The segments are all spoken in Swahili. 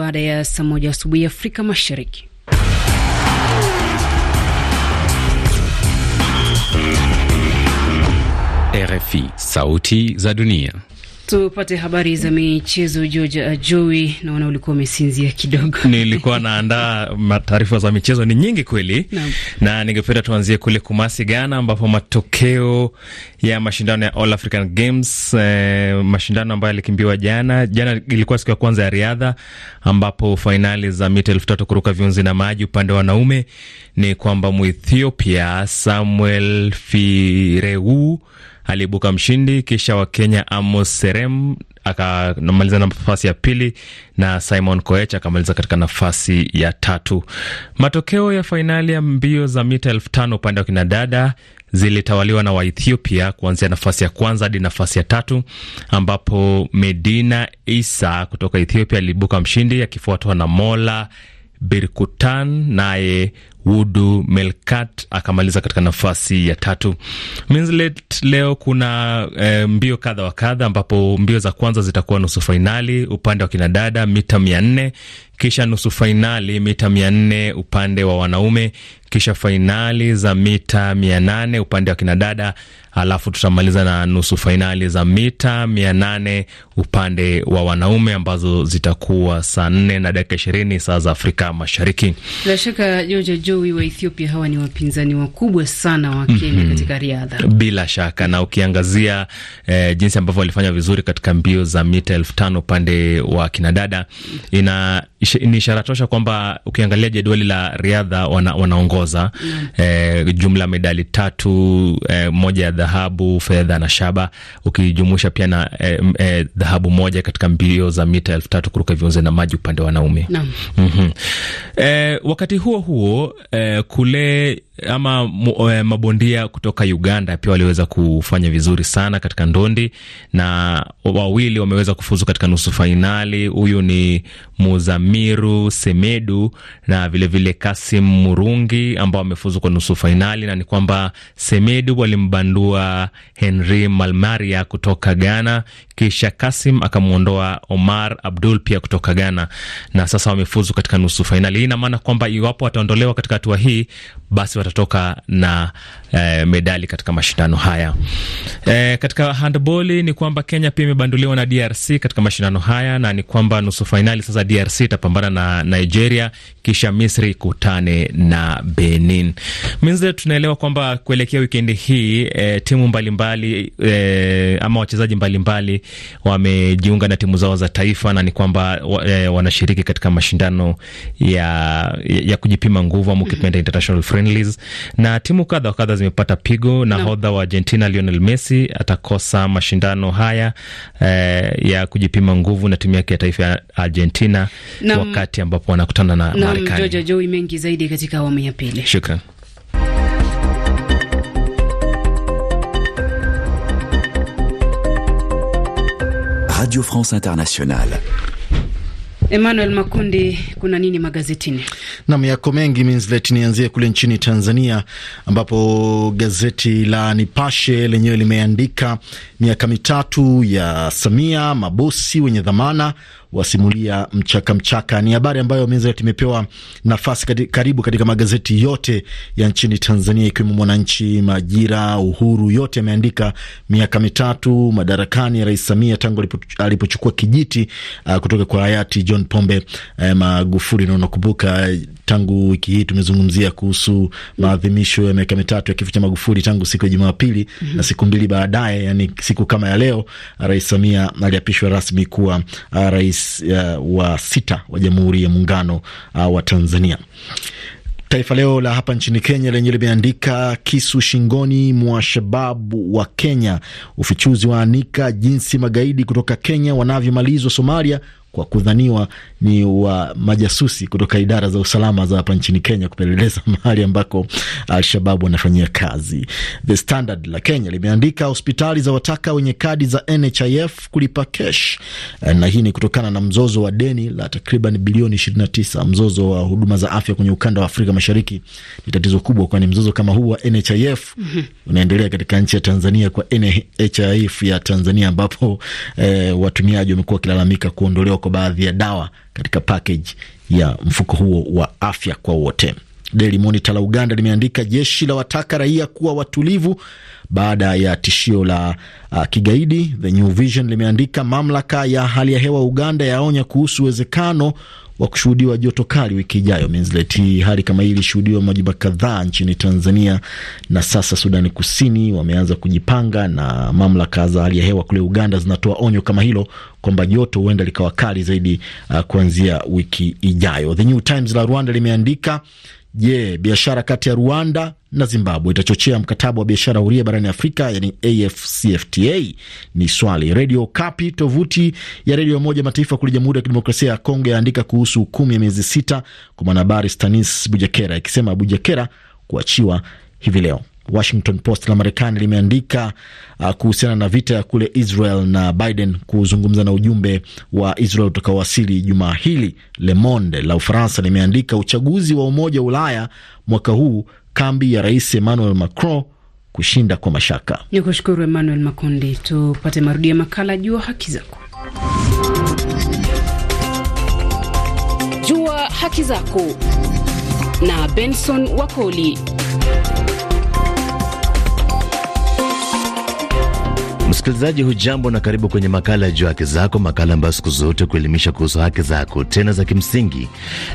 baada ya saa moja asubuhi Afrika Mashariki. RFI, Sauti za Dunia. Tupate habari za michezo. George Ajoi, uh, naona ulikuwa umesinzia kidogo. Nilikuwa naandaa taarifa za michezo, ni nyingi kweli na, na ningependa tuanzie kule Kumasi, Ghana, ambapo matokeo ya mashindano ya All African Games eh, mashindano ambayo yalikimbiwa jana jana, ilikuwa siku ya kwanza ya riadha, ambapo fainali za mita elfu tatu kuruka viunzi na maji upande wa wanaume ni kwamba Muethiopia Samuel Fireu aliibuka mshindi, kisha Wakenya Amos Serem akamaliza nafasi ya pili na Simon Koech akamaliza katika nafasi ya tatu. Matokeo ya fainali ya mbio za mita elfu tano upande wa kinadada zilitawaliwa na Waethiopia kuanzia nafasi ya kwanza hadi nafasi ya tatu, ambapo Medina Isa kutoka Ethiopia aliibuka mshindi akifuatwa na Mola Birkutan naye Wudu Melkat akamaliza katika nafasi ya tatu. Minslet, leo kuna e, mbio kadha wa kadha ambapo mbio za kwanza zitakuwa nusu fainali upande wa kinadada mita mia nne kisha nusu fainali mita mia nne upande wa wanaume kisha fainali za mita mia nane upande wa kinadada alafu tutamaliza na nusu fainali za mita mia nane upande wa wanaume ambazo zitakuwa saa nne na dakika ishirini saa za Afrika Mashariki. Bila shaka Joja Joi wa Ethiopia, hawa ni wapinzani wakubwa sana wa Kenya mm -hmm. katika riadha bila shaka, na ukiangazia eh, jinsi ambavyo walifanya vizuri katika mbio za mita elfu tano upande wa kinadada ina ni ishara tosha kwamba ukiangalia jedwali la riadha wana, wanaongoza mm -hmm. eh, jumla medali tatu eh, moja ya dhahabu, fedha na shaba, ukijumuisha pia na dhahabu eh, eh, dhahabu moja katika mbio za mita elfu tatu kuruka viunze na maji upande wa wanaume. mm -hmm. Eh, wakati huo huo eh, kule ama eh, mabondia kutoka Uganda pia waliweza kufanya vizuri sana katika ndondi na wawili wameweza kufuzu katika nusu fainali. Huyu ni Muzamiru Semedu na vilevile vile Kasim Murungi ambao wamefuzu kwa nusu fainali, na ni kwamba Semedu walimbandua Henry Malmaria kutoka Ghana, kisha Kasim akamwondoa Omar Abdul pia kutoka Ghana, na sasa wamefuzu katika nusu fainali. Hii ina maana kwamba iwapo wataondolewa katika hatua hii basi watatoka na e, medali katika mashindano haya. E, katika handball ni kwamba Kenya pia imebanduliwa na DRC katika mashindano haya, na ni kwamba nusu fainali sasa DRC itapambana na Nigeria, kisha Misri kutane na Benin. Minze, tunaelewa kwamba kuelekea wikendi hii e, timu mbalimbali mbali, e, ama wachezaji mbalimbali wamejiunga na timu zao za taifa na ni kwamba e, wanashiriki katika mashindano ya, ya kujipima nguvu ama ukipenda international frame friendlies na timu kadha wa kadha zimepata pigo. na no. wa Argentina Lionel Messi atakosa mashindano haya eh, ya kujipima nguvu na timu yake ya taifa ya Argentina na, wakati ambapo wanakutana na Marekani. Jojojoi mengi zaidi katika awamu ya pili. Shukran. Radio France Internationale. Emmanuel Makundi, kuna nini magazetini? Nam yako mengi minslet, nianzie kule nchini Tanzania ambapo gazeti la Nipashe lenyewe limeandika miaka mitatu ya Samia, mabosi wenye dhamana wasimulia mchaka mchaka. Ni habari ambayo imepewa nafasi karibu katika magazeti yote ya nchini Tanzania ikiwemo Mwananchi, Majira, Uhuru, yote yameandika miaka mitatu madarakani ya Rais Samia tangu alipochukua kijiti uh, kutoka kwa hayati John Pombe uh, Magufuli, na unakumbuka tangu wiki hii tumezungumzia kuhusu maadhimisho ya miaka mitatu ya kifo cha Magufuli tangu siku ya Jumapili mm -hmm. na siku mbili baadaye, yani siku kama ya leo, Rais Samia aliapishwa rasmi kuwa uh, rais uh, wa sita wa Jamhuri ya Muungano uh, wa Tanzania. Taifa Leo la hapa nchini Kenya lenye limeandika kisu shingoni mwa shababu wa Kenya. Ufichuzi waanika jinsi magaidi kutoka Kenya wanavyomalizwa Somalia, kwa kudhaniwa ni wa majasusi kutoka idara za usalama za hapa nchini Kenya kupeleleza mahali ambako uh, Alshababu wanafanyia kazi. The Standard la Kenya limeandika hospitali za wataka wenye kadi za NHIF kulipa kesh, uh, na hii ni kutokana na mzozo wa deni la takriban bilioni 29. Mzozo wa huduma za afya kwenye ukanda wa Afrika Mashariki ni tatizo kubwa, kwani mzozo kama huu wa NHIF unaendelea katika nchi ya Tanzania, kwa NHIF ya Tanzania ambapo eh, watumiaji wamekuwa wakilalamika kuondolewa kwa baadhi ya dawa katika pakeji ya mfuko huo wa afya kwa wote. Daily Monitor la Uganda limeandika jeshi la wataka raia kuwa watulivu baada ya tishio la uh, kigaidi. The New Vision limeandika mamlaka ya hali ya hewa Uganda yaonya kuhusu uwezekano wa kushuhudiwa joto kali wiki ijayo. Hali kama hii ilishuhudiwa majumba kadhaa nchini Tanzania, na sasa Sudani Kusini wameanza kujipanga, na mamlaka za hali ya hewa kule Uganda zinatoa onyo kama hilo kwamba joto huenda likawa kali zaidi uh, kuanzia wiki ijayo. The New Times la Rwanda limeandika Je, yeah, biashara kati ya Rwanda na Zimbabwe itachochea mkataba wa biashara huria barani Afrika, yani AfCFTA? Ni swali redio Kapi. Tovuti ya redio moja mataifa kule Jamhuri ya Kidemokrasia ya Kongo yaandika kuhusu hukumu ya miezi sita kwa mwanahabari Stanis Bujakera ikisema Bujakera kuachiwa hivi leo. Washington Post la Marekani limeandika uh, kuhusiana na vita ya kule Israel na Biden kuzungumza na ujumbe wa Israel utakaowasili jumaa hili. Le Monde la Ufaransa limeandika uchaguzi wa Umoja wa Ulaya mwaka huu, kambi ya Rais Emmanuel Macron kushinda kwa mashaka. Ni kushukuru Emmanuel Makundi. Tupate marudio ya makala Jua Haki Zako. Jua Haki Zako na Benson Wakoli. Msikilizaji hujambo na karibu kwenye makala ya juu haki zako, makala ambayo siku zote kuelimisha kuhusu haki zako tena za kimsingi.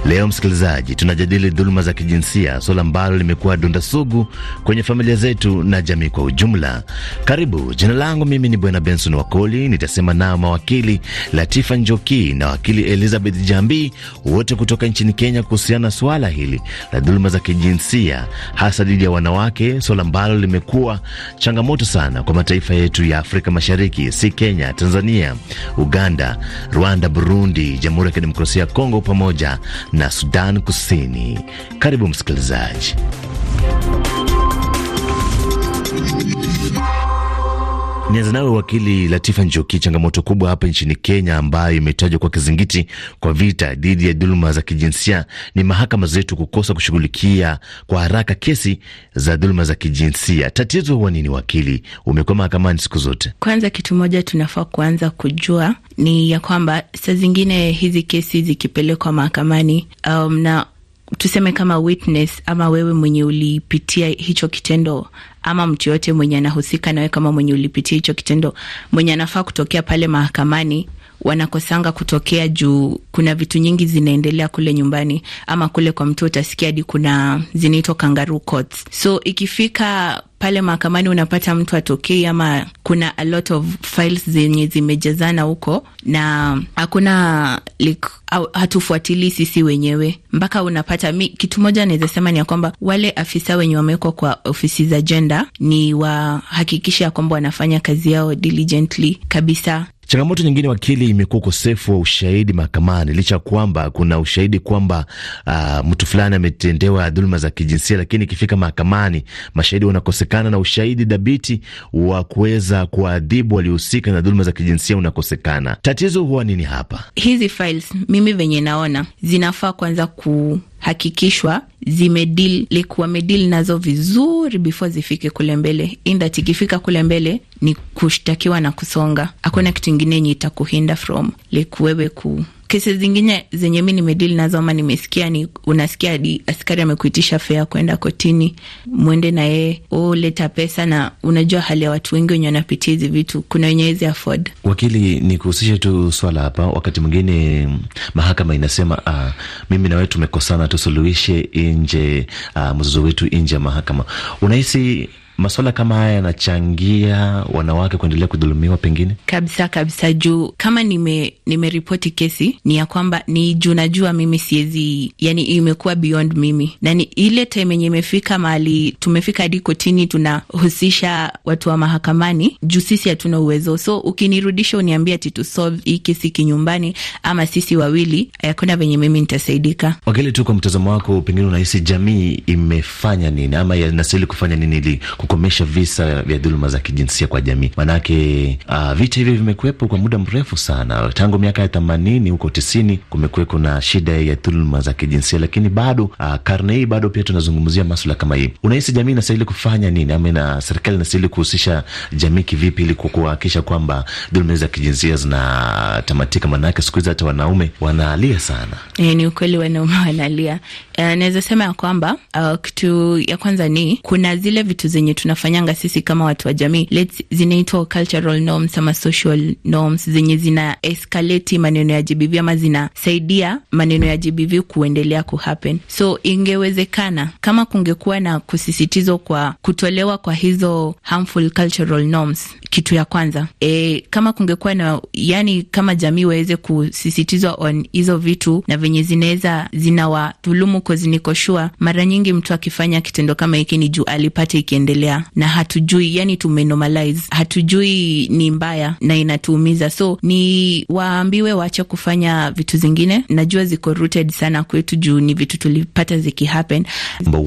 Leo msikilizaji, tunajadili dhuluma za kijinsia, suala ambalo limekuwa donda sugu kwenye familia zetu na jamii kwa ujumla. Karibu. Jina langu mimi ni Bwana Benson Wakoli, nitasema nao mawakili Latifa Njoki na wakili Elizabeth Jambi, wote kutoka nchini Kenya, kuhusiana na suala hili la dhuluma za kijinsia, hasa dhidi ya wanawake, suala ambalo limekuwa changamoto sana kwa mataifa yetu ya Afrika Mashariki si Kenya, Tanzania, Uganda, Rwanda, Burundi, Jamhuri ya Kidemokrasia ya Kongo pamoja na Sudan Kusini. Karibu msikilizaji. Nianza nawe Wakili Latifa Njoki, changamoto kubwa hapa nchini Kenya ambayo imetajwa kwa kizingiti kwa vita dhidi ya dhuluma za kijinsia ni mahakama zetu kukosa kushughulikia kwa haraka kesi za dhuluma za kijinsia. Tatizo huwa nini, wakili? Umekuwa mahakamani siku zote. Kwanza kitu moja tunafaa kuanza kujua ni ya kwamba saa zingine hizi kesi zikipelekwa mahakamani, um, na tuseme kama witness ama wewe mwenye ulipitia hicho kitendo ama mtu yote mwenye anahusika nawe, kama mwenye ulipitia hicho kitendo, mwenye anafaa kutokea pale mahakamani wanakosanga kutokea juu kuna vitu nyingi zinaendelea kule nyumbani ama kule kwa mtu, utasikia hadi kuna zinaitwa kangaroo courts. So ikifika pale mahakamani unapata mtu atokei, ama kuna a lot of files zenye zimejazana huko na hakuna like, hatufuatilii sisi wenyewe mpaka unapata mi, kitu moja naweza sema ni ya kwamba wale afisa wenye wamewekwa kwa ofisi za jenda ni wahakikisha ya kwamba wanafanya kazi yao diligently kabisa, Changamoto nyingine wakili, imekuwa ukosefu wa ushahidi mahakamani, licha kwamba kuna ushahidi kwamba uh, mtu fulani ametendewa dhuluma za kijinsia, lakini ikifika mahakamani mashahidi wanakosekana na ushahidi dhabiti wa kuweza kuadhibu waliohusika na dhuluma za kijinsia unakosekana. Tatizo huwa nini hapa? Hizi files mimi venye naona zinafaa kwanza ku hakikishwa zimedili like nazo vizuri before zifike kule mbele, indat ikifika kule mbele ni kushtakiwa na kusonga. Hakuna kitu ingine yenye itakuhinda from like wewe ku kesi zingine zenye mi nimedili nazo ama nimesikia ni unasikia di askari amekuitisha fea kwenda kotini, mwende na yeye o oh, leta pesa, na unajua hali ya watu wengi wenye wanapitia hizi vitu, kuna wenye hizi afford. Wakili, ni kuhusishe tu swala hapa, wakati mwingine mahakama inasema uh, mimi na wewe tumekosana, tusuluhishe nje uh, mzozo wetu nje ya mahakama. Unahisi Maswala kama haya yanachangia wanawake kuendelea kudhulumiwa pengine? Kabisa kabisa, juu kama nimeripoti nime kesi ni ya kwamba ni juu najua mimi siwezi, yani imekuwa beyond mimi, na ni ile time yenye imefika mahali tumefika hadi kotini tunahusisha watu wa mahakamani juu sisi hatuna uwezo. So ukinirudisha uniambia ati tu hii kesi kinyumbani ama sisi wawili, hakuna venye mimi nitasaidika. Wakili tu, kwa mtazamo wako, pengine unahisi jamii imefanya nini ama inastahili kufanya nini ili kukomesha visa vya dhuluma za kijinsia kwa jamii. Manake uh, vita hivyo vimekuwepo kwa muda mrefu sana, tangu miaka ya themanini huko tisini kumekuweko na shida ya dhuluma za kijinsia, lakini bado uh, karne hii bado pia tunazungumzia maswala kama hii. Unahisi jamii inastahili kufanya nini, ama ah, na serikali inastahili kuhusisha jamii kivipi ili kuhakikisha kwamba dhuluma za kijinsia zinatamatika? Manake siku hizi hata wanaume wanaalia sana. E, ni ukweli wanaume wanalia Uh, naweza sema ya kwamba uh, kitu ya kwanza ni kuna zile vitu zenye tunafanyanga sisi kama watu wa jamii let's, zinaitwa cultural norms ama social norms zenye zina escalate maneno ya GBV ama zinasaidia maneno ya GBV kuendelea kuhappen. So ingewezekana kama kungekuwa na kusisitizwa kwa kutolewa kwa hizo harmful cultural norms, kitu ya kwanza e, kama kungekuwa na yani, kama jamii waweze kusisitizwa on hizo vitu na venye zinaweza zinawadhulumu course niko sure mara nyingi mtu akifanya kitendo kama hiki ni juu alipate ikiendelea, na hatujui yani, tumenormalize hatujui ni mbaya na inatuumiza, so ni waambiwe waache kufanya vitu zingine. Najua ziko rooted sana kwetu juu ni vitu tulipata zikihappen.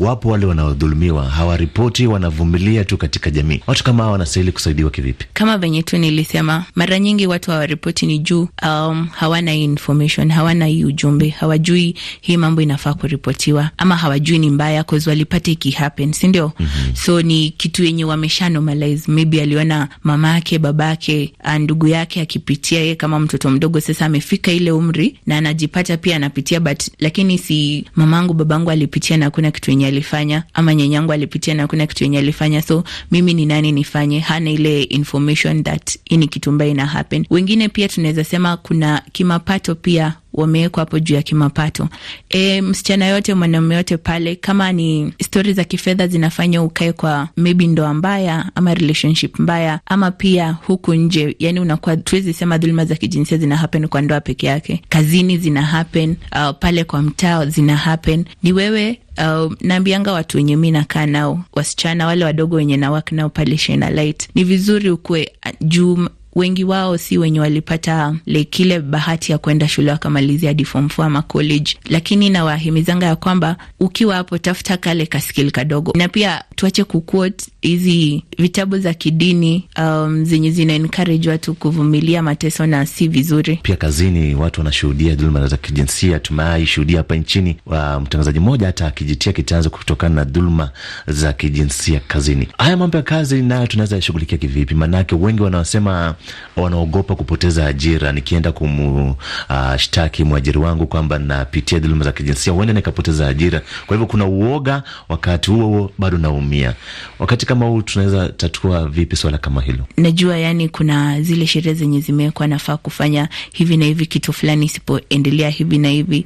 Wapo wale wanaodhulumiwa hawaripoti, wanavumilia tu katika jamii. Watu kama hawa wanastahili kusaidiwa kivipi? Kama venye tu nilisema, mara nyingi watu hawaripoti ni juu um, hawana hii information, hawana hii ujumbe, hawajui hii mambo inafaa kuripoti wameripotiwa ama hawajui ni mbaya cause walipata iki happen, si ndio? mm -hmm. So ni kitu yenye wamesha normalize, maybe aliona mama yake baba yake ah, ndugu yake akipitia, ye kama mtoto mdogo, sasa amefika ile umri na anajipata pia anapitia, but lakini si mamangu, babangu alipitia na hakuna kitu yenye alifanya, ama nyanyangu alipitia na hakuna kitu yenye alifanya, so mimi ni nani nifanye? Hana ile information that hii ni kitu mbaya ina happen. Wengine pia tunaweza sema kuna kimapato pia wamewekwa hapo juu ya kimapato. E, msichana yote mwanaume yote pale, kama ni stori za kifedha zinafanya ukae kwa maybe ndoa mbaya ama relationship mbaya, ama pia huku nje, yani unakuwa tuwezi sema dhuluma za kijinsia zina happen kwa ndoa peke yake, kazini zina happen, uh, pale kwa mtaa zina happen. Ni wewe Uh, naambianga watu wenye mi nakaa nao, wasichana wale wadogo wenye na wak nao pale Shina Light, ni vizuri ukuwe uh, juu wengi wao si wenye walipata le kile bahati ya kwenda shule wakamalizia hadi form four ama college, lakini nawahimizanga ya kwamba ukiwa hapo, tafuta kale kaskili kadogo, na pia tuache kuquote hizi vitabu za kidini um, zenye zina encourage watu kuvumilia mateso na si vizuri. Pia kazini watu wanashuhudia dhuluma za kijinsia. Tumewahi shuhudia hapa nchini wa mtangazaji mmoja hata akijitia kitanzo kutokana na dhuluma za kijinsia kazini. Haya mambo ya kazi nayo tunaweza yashughulikia kivipi? Maanake wengi wanaosema wanaogopa kupoteza ajira. Nikienda kumshtaki ah, uh, mwajiri wangu kwamba napitia dhuluma za kijinsia, huenda nikapoteza ajira. Kwa hivyo kuna uoga, wakati huo huo bado naumia. Wakati kama huu tunaweza tatua vipi swala kama hilo? Najua yani kuna zile sheria zenye zimewekwa, nafaa kufanya hivi na hivi, kitu fulani isipoendelea hivi na hivi,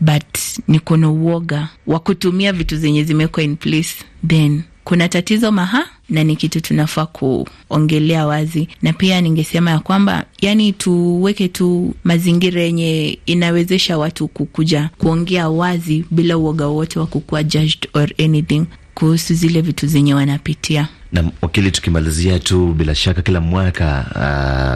but niko na uoga wa kutumia vitu zenye zimewekwa in place, then kuna tatizo maha na ni kitu tunafaa kuongelea wazi, na pia ningesema ya kwamba yani, tuweke tu mazingira yenye inawezesha watu kukuja kuongea wazi bila uoga wowote wa kukuwa judged or anything kuhusu zile vitu zenye wanapitia. Na wakili, tukimalizia tu, bila shaka kila mwaka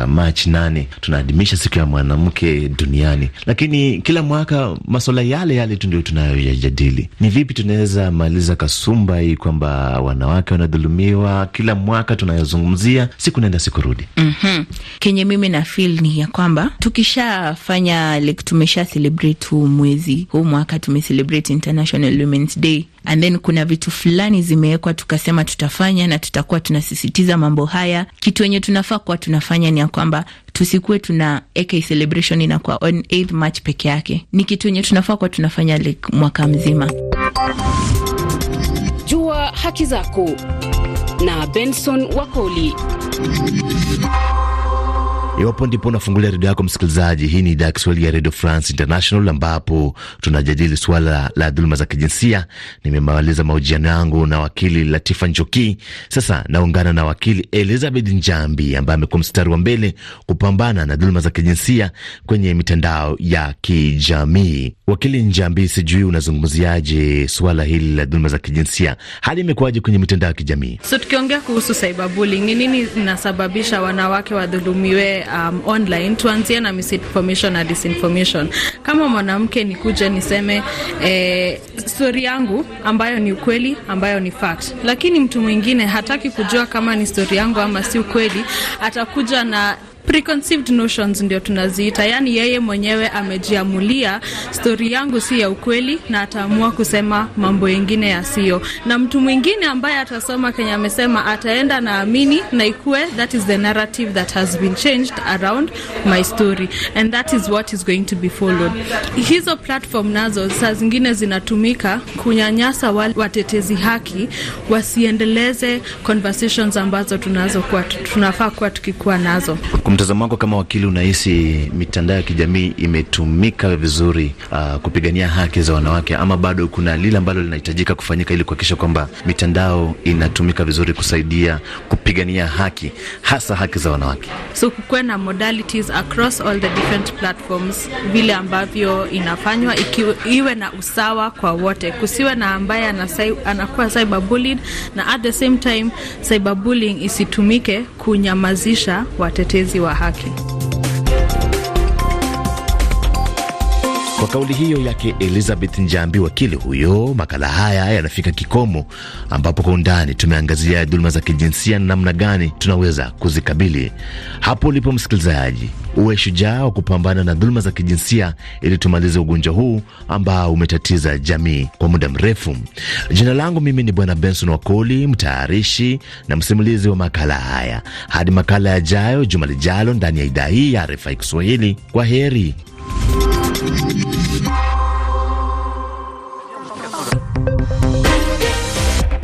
uh, Machi nane tunaadhimisha siku ya mwanamke duniani, lakini kila mwaka masuala yale yale tu ndio tunayoyajadili. Ni vipi tunaweza maliza kasumba hii kwamba wanawake wanadhulumiwa? Kila mwaka tunayozungumzia, siku naenda siku rudi. mm -hmm. Kenye mimi na feel ni ya kwamba tukishafanya like, tumesha celebrate huu mwezi huu mwaka tume celebrate International Women's Day and then kuna vitu fulani zimewekwa, tukasema tutafanya na tutakuwa tunasisitiza mambo haya. Kitu yenye tunafaa kuwa tunafanya ni ya kwamba tusikuwe tuna AK celebration inakuwa on 8 March peke yake, ni kitu yenye tunafaa kuwa tunafanya like mwaka mzima. Jua haki zako na Benson Wakoli Iwapo ndipo unafungulia redio yako msikilizaji, hii ni idhaa ya Kiswahili ya Redio France International ambapo tunajadili suala la dhuluma za kijinsia. Nimemaliza mahojiano yangu na wakili Latifa Njoki. Sasa naungana na wakili Elizabeth Njambi ambaye amekuwa mstari wa mbele kupambana na dhuluma za kijinsia kwenye mitandao ya kijamii. Wakili Njambi, sijui unazungumziaje suala hili la dhuluma za kijinsia, hali imekuwaje kwenye mitandao ya kijamii? So tukiongea kuhusu cyberbullying, ni nini inasababisha wanawake wadhulumiwe um, online? Tuanzie na misinformation na disinformation. Kama mwanamke kuja niseme eh, stori yangu ambayo ni ukweli, ambayo ni fact, lakini mtu mwingine hataki kujua kama ni stori yangu ama si ukweli, atakuja na preconceived notions ndio tunaziita, yaani yeye mwenyewe amejiamulia stori yangu si ya ukweli, na ataamua kusema mambo yengine yasiyo, na mtu mwingine ambaye atasoma kenye amesema ataenda na amini na ikue that is the narrative that has been changed around my story and that is what is going to be followed. Hizo platform nazo saa zingine zinatumika kunyanyasa wale watetezi haki wasiendeleze conversations ambazo tunazo kwa tunafaa kuwa tukikuwa nazo mtazamo wako kama wakili, unahisi mitandao ya kijamii imetumika vizuri uh, kupigania haki za wanawake ama bado kuna lile ambalo linahitajika kufanyika ili kuhakikisha kwamba mitandao inatumika vizuri kusaidia kupigania haki hasa haki za wanawake? So kukuwa na modalities across all the different platforms, vile ambavyo inafanywa iwe na usawa kwa wote, kusiwe na ambaye anakuwa cyberbullied na at the same time cyberbullying isitumike kunyamazisha watetezi wa wa haki. Kwa kauli hiyo yake Elizabeth Njambi, wakili huyo, makala haya yanafika kikomo, ambapo kwa undani tumeangazia dhuluma za kijinsia na namna gani tunaweza kuzikabili. Hapo ulipo msikilizaji, uwe shujaa wa kupambana na dhuluma za kijinsia ili tumalize ugonjwa huu ambao umetatiza jamii kwa muda mrefu. Jina langu mimi ni Bwana Benson Wakoli, mtayarishi na msimulizi wa makala haya. Hadi makala yajayo juma lijalo, ndani ya idhaa hii ya RFI Kiswahili. Kwa heri. Thank you.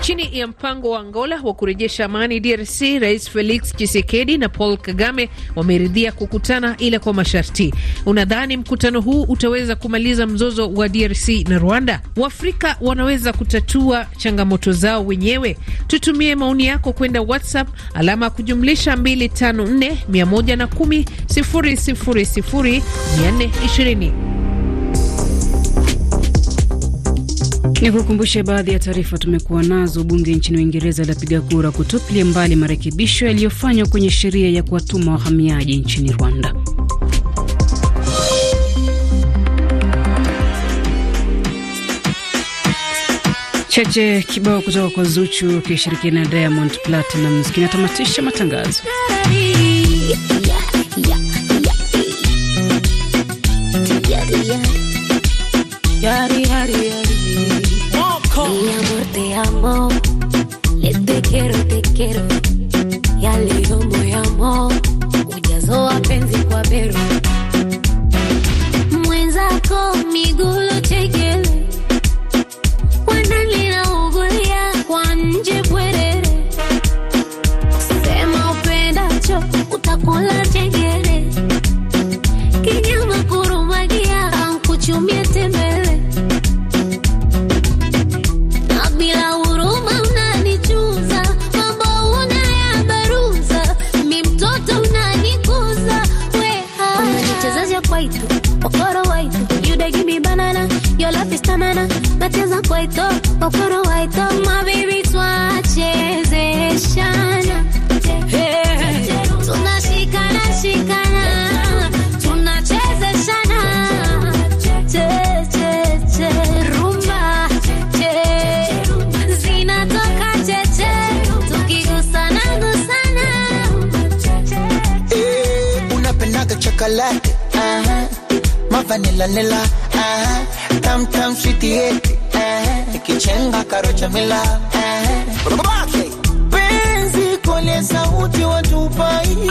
Chini ya mpango wa Angola wa kurejesha amani DRC, Rais Felix Tshisekedi na Paul Kagame wameridhia kukutana ila kwa masharti. Unadhani mkutano huu utaweza kumaliza mzozo wa DRC na Rwanda? Waafrika wanaweza kutatua changamoto zao wenyewe? Tutumie maoni yako kwenda WhatsApp alama ya kujumlisha 254 110 000 420. Ni kukumbushe baadhi ya taarifa tumekuwa nazo. Bunge nchini Uingereza lapiga kura kutupilia mbali marekebisho yaliyofanywa kwenye sheria ya kuwatuma wahamiaji nchini Rwanda. Chache kibao kutoka kwa Zuchu akishirikiana na Diamond Platinumz kinatamatisha matangazo. quiero. chocolate, uh-huh. Eh, My vanilla lila, uh-huh. Eh, tam tam sweetie, uh-huh. Eh, Nikichenga karo chamila, uh-huh. Penzi kole sauti watupai,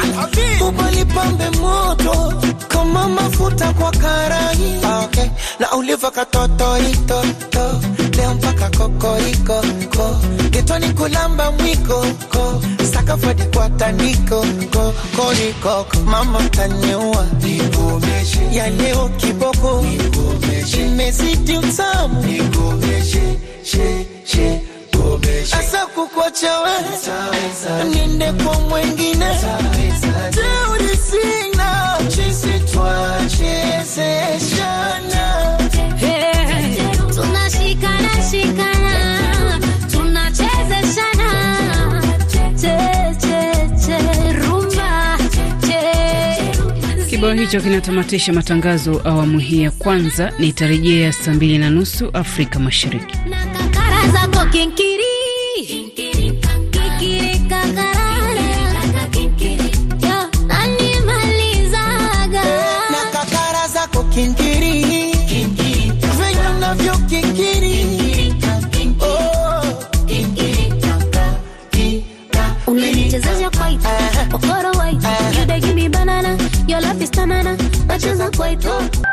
ubalipambe moto kama mafuta kwa karai, okay. Na uliva katotoito to, leo mpaka kokoriko ko, getoni kulamba mwiko ko Niko for the quarter, niko niko koriko, mama taniua, nikomeshe ya leo kiboko, nikomeshe imezidi utamu, nikomeshe she she komeshe, asa kukuacha wewe niende kwa mwingine, je, ulisina chisi twa chese shana Kibao hicho kinatamatisha matangazo awamu hii ya kwanza. Nitarejea saa mbili na nusu Afrika Mashariki. kutamana nacheza kwaito